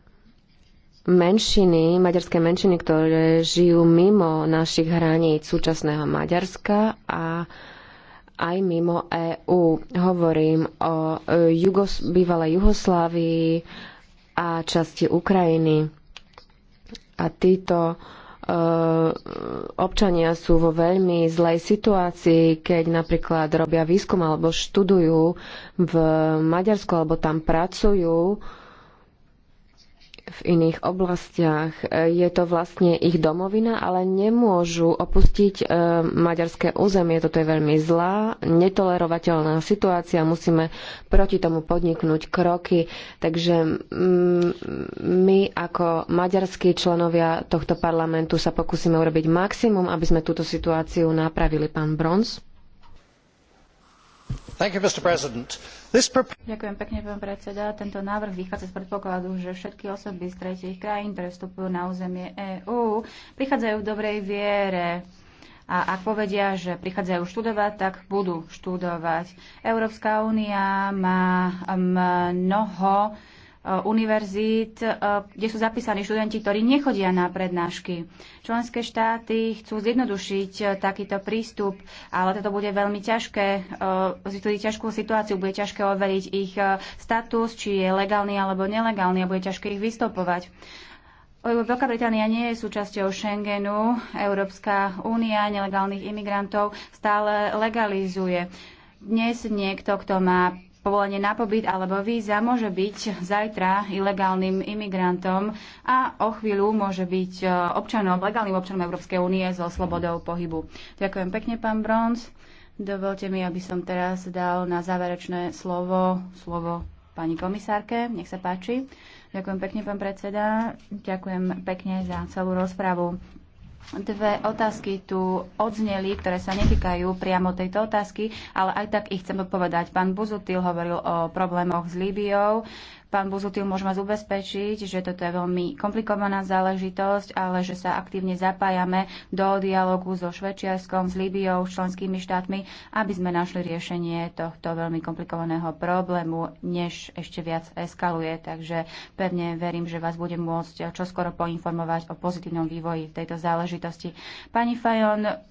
menšiny, maďarské menšiny, ktoré žijú mimo našich hraníc súčasného Maďarska a aj mimo EÚ. Hovorím o e, Jugos- bývalej Juhoslávii a časti Ukrajiny. A títo e, občania sú vo veľmi zlej situácii, keď napríklad robia výskum alebo študujú v Maďarsku alebo tam pracujú v iných oblastiach. E, je to vlastne ich domovina, ale nemôžu opustiť e, maďarské územie. Toto je veľmi zlá, netolerovateľná situácia. Musíme proti tomu podniknúť kroky. Takže mm, my ako maďarskí členovia tohto parlamentu sa pokúsime urobiť maximum, aby sme túto situáciu napravili. Pán Brons. Ďakujem pekne, pán predseda. Tento návrh vychádza z predpokladu, že všetky osoby z tretích krajín, ktoré vstupujú na územie EÚ, prichádzajú v dobrej viere. A ak povedia, že prichádzajú študovať, tak budú študovať. Európska únia má mnoho Eh, univerzít, eh, kde sú zapísaní študenti, ktorí nechodia na prednášky. Členské štáty chcú zjednodušiť eh, takýto prístup, ale toto bude veľmi ťažké, bude ťažkú situáciu, bude ťažké overiť ich status, či je legálny alebo nelegálny a bude ťažké ich vystopovať. Veľká Británia nie je súčasťou Schengenu, Európska únia nelegálnych imigrantov stále legalizuje. Dnes niekto, kto má povolenie na pobyt alebo víza, môže byť zajtra ilegálnym imigrantom a o chvíľu môže byť e, občanom, legálnym občanom Európskej únie so slobodou pohybu. Ďakujem pekne, pán Bronz. Dovolte mi, aby som teraz dal na záverečné slovo, slovo pani komisárke. Nech sa páči. Ďakujem pekne, pán predseda. Ďakujem pekne za celú rozpravu. Dve otázky tu odzneli, ktoré sa netýkajú priamo tejto otázky, ale aj tak ich chcem odpovedať. Pán Buzutil hovoril o problémoch s Líbiou. Pán Buzutil, môžem vás ubezpečiť, že toto je veľmi komplikovaná záležitosť, ale že sa aktívne zapájame do dialogu so Švečiarskom, s Líbiou, s členskými štátmi, aby sme našli riešenie tohto veľmi komplikovaného problému, než ešte viac eskaluje. Takže pevne verím, že vás budem môcť čoskoro poinformovať o pozitívnom vývoji v tejto záležitosti. Pani Fajon,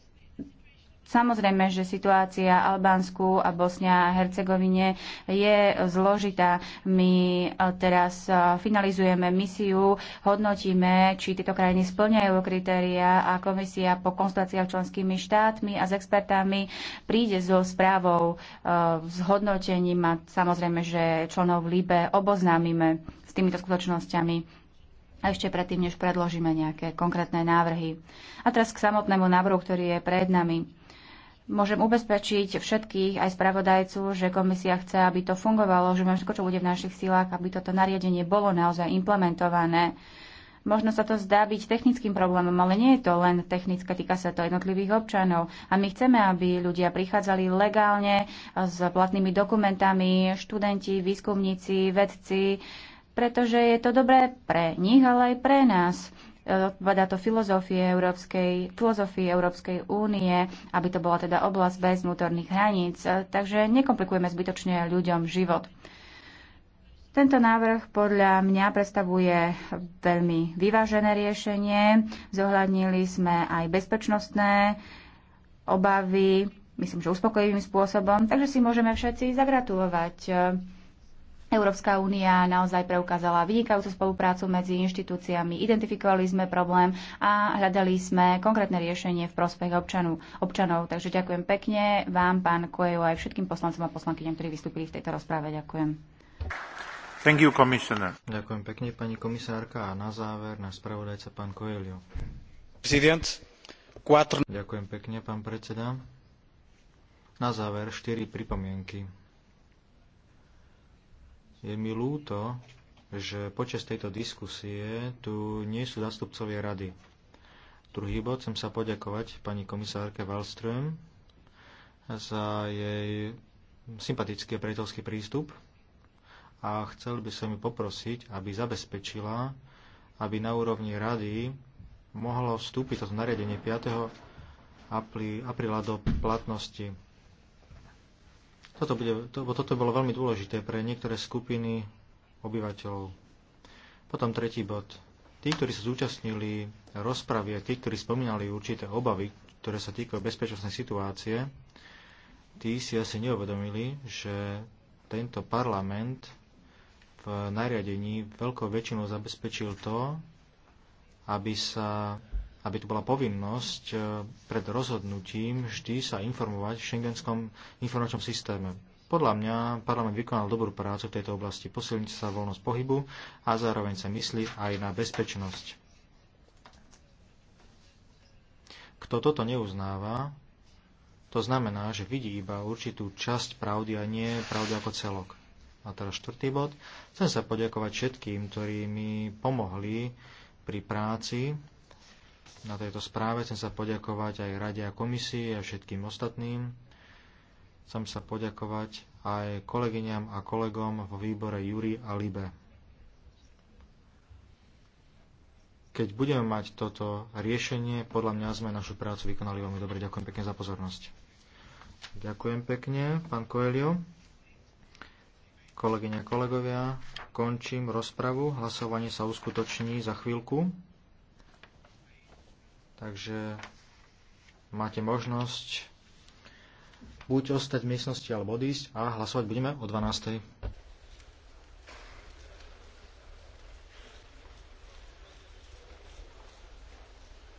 Samozrejme, že situácia Albánsku a Bosnia a Hercegovine je zložitá. My e, teraz e, finalizujeme misiu, hodnotíme, či tieto krajiny splňajú kritéria a komisia po konstatáciách členskými štátmi a s expertami príde so správou, e, s hodnotením a samozrejme, že členov LIBE oboznámime s týmito skutočnosťami a ešte predtým, než predložíme nejaké konkrétne návrhy. A teraz k samotnému návrhu, ktorý je pred nami. Môžem ubezpečiť všetkých, aj spravodajcu, že komisia chce, aby to fungovalo, že máme všetko, čo bude v našich silách, aby toto nariadenie bolo naozaj implementované. Možno sa to zdá byť technickým problémom, ale nie je to len technické, týka sa to jednotlivých občanov. A my chceme, aby ľudia prichádzali legálne s platnými dokumentami, študenti, výskumníci, vedci, pretože je to dobré pre nich, ale aj pre nás odpovedá to filozofie Európskej, filozofii Európskej únie, aby to bola teda oblasť bez vnútorných hraníc. Takže nekomplikujeme zbytočne ľuďom život. Tento návrh podľa mňa predstavuje veľmi vyvážené riešenie. Zohľadnili sme aj bezpečnostné obavy, myslím, že uspokojivým spôsobom, takže si môžeme všetci zagratulovať. Európska únia naozaj preukázala vynikajúcu spoluprácu medzi inštitúciami, identifikovali sme problém a hľadali sme konkrétne riešenie v prospech občanov. občanov. Takže ďakujem pekne vám, pán Kojo, aj všetkým poslancom a poslankyňam, ktorí vystúpili v tejto rozprave. Ďakujem. Thank you, Ďakujem pekne, pani komisárka. A na záver na spravodajca, pán Koelio. Ďakujem pekne, pán predseda. Na záver štyri pripomienky. Je mi ľúto, že počas tejto diskusie tu nie sú zastupcovia rady. Druhý bod chcem sa poďakovať pani komisárke Wallström za jej sympatický a priateľský prístup a chcel by som ju poprosiť, aby zabezpečila, aby na úrovni rady mohlo vstúpiť toto nariadenie 5. apríla do platnosti. Toto, bude, to, bo toto bolo veľmi dôležité pre niektoré skupiny obyvateľov. Potom tretí bod. Tí, ktorí sa zúčastnili rozpravy a tí, ktorí spomínali určité obavy, ktoré sa týkajú bezpečnostnej situácie, tí si asi neuvedomili, že tento parlament v nariadení veľkou väčšinou zabezpečil to, aby sa aby tu bola povinnosť e, pred rozhodnutím vždy sa informovať v šengenskom informačnom systéme. Podľa mňa parlament vykonal dobrú prácu v tejto oblasti. Posilniť sa voľnosť pohybu a zároveň sa myslí aj na bezpečnosť. Kto toto neuznáva, to znamená, že vidí iba určitú časť pravdy a nie pravdy ako celok. A teraz štvrtý bod. Chcem sa poďakovať všetkým, ktorí mi pomohli pri práci na tejto správe. Chcem sa poďakovať aj Rade a komisii a všetkým ostatným. Chcem sa poďakovať aj kolegyňam a kolegom vo výbore Júri a Libe. Keď budeme mať toto riešenie, podľa mňa sme našu prácu vykonali veľmi dobre. Ďakujem pekne za pozornosť. Ďakujem pekne, pán Koelio. Kolegyňa, kolegovia, končím rozpravu. Hlasovanie sa uskutoční za chvíľku. Takže máte možnosť buď ostať v miestnosti alebo odísť a hlasovať budeme o 12.